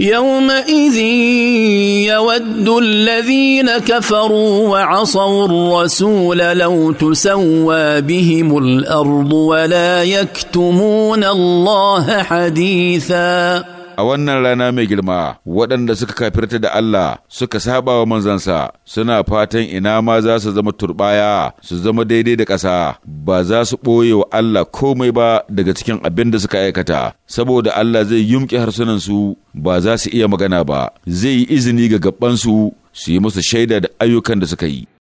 يومئذ يود الذين كفروا وعصوا الرسول لو تسوى بهم الارض ولا يكتمون الله حديثا a wannan rana mai girma waɗanda suka kafirta da Allah suka saba wa manzansa suna fatan ina ma za su zama turbaya su zama daidai da ƙasa ba za su ɓoye wa Allah komai ba daga cikin abin da suka aikata saboda Allah zai yumƙi harsunansu ba za su iya magana ba zai yi izini ga gabansu su yi musu shaida da ayyukan da suka yi